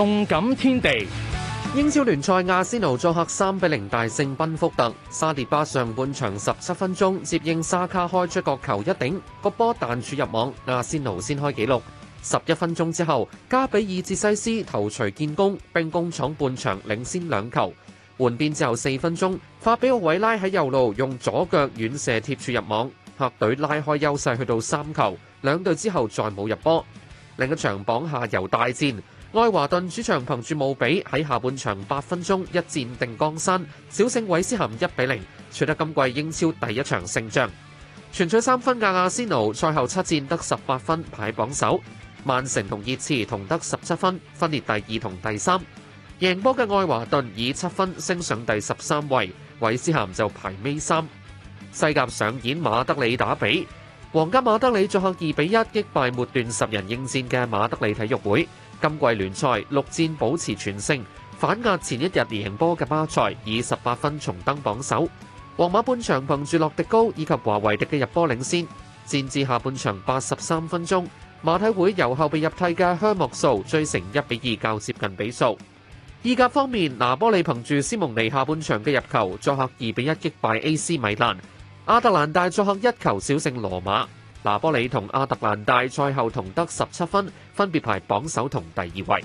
動感天地，英超聯賽阿仙奴作客三比零大勝賓福特。沙利巴上半場十七分鐘接應沙卡開出角球一頂，個波彈柱入網，阿仙奴先開紀錄。十一分鐘之後，加比爾捷西斯頭鎚建功，兵工廠半場領先兩球。換邊之後四分鐘，法比奧韋拉喺右路用左腳遠射貼柱入網，客隊拉開優勢去到三球。兩隊之後再冇入波，另一場榜下游大戰。愛華頓主場憑住慕比喺下半場八分鐘一戰定江山，小勝韋斯咸一比零，取得今季英超第一場勝仗，全取三分。阿仙奴賽後七戰得十八分排榜首，曼城同熱刺同得十七分，分列第二同第三。贏波嘅愛華頓以七分升上第十三位，韋斯咸就排尾三。西甲上演馬德里打比。皇家馬德里作客2比1擊敗末段十人應戰嘅馬德里體育會，今季聯賽六戰保持全勝，反壓前一日連贏波嘅巴塞以18分重登榜首。皇馬半場憑住洛迪高以及華維迪嘅入波領先，戰至下半場83分鐘，馬體會由後備入替嘅香木素追成1比2較接近比數。意甲方面，拿波利憑住斯蒙尼下半場嘅入球，作客2比1擊敗 AC 米蘭。亞特蘭大作客一球小勝羅馬，拿波里同亞特蘭大賽後同得十七分，分別排榜首同第二位。